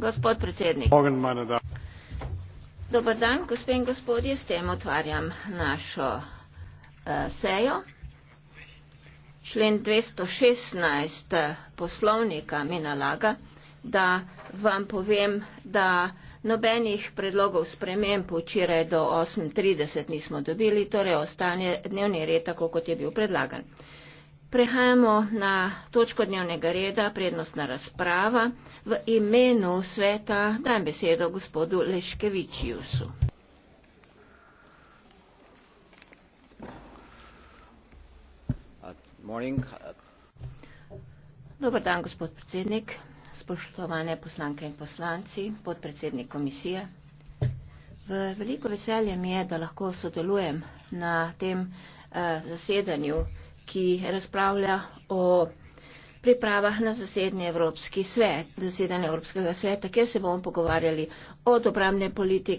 gospod predsednik dober dan gospe in gospodje s tem otvarjam našo uh, sejo člen dvesto šestnajst eh, poslovnika mi nalaga da vam povem da nobenih predlogov sprememb včeraj do osem trideset nismo dobili torej ostane dnevni red tako kot je bil predlagan Prehajamo na točko dnevnega reda, prednostna razprava. V imenu sveta dajem besedo gospodu Leškevičiusu. Dobar dan, gospod predsednik, spoštovane poslanke in poslanci, podpredsednik komisije. V veliko veselje mi je, da lahko sodelujem na tem eh, zasedanju ki razpravlja o pripravah na zasedanje Evropski svet, zasedanje Evropskega sveta, kjer se bomo pogovarjali od obramne politike.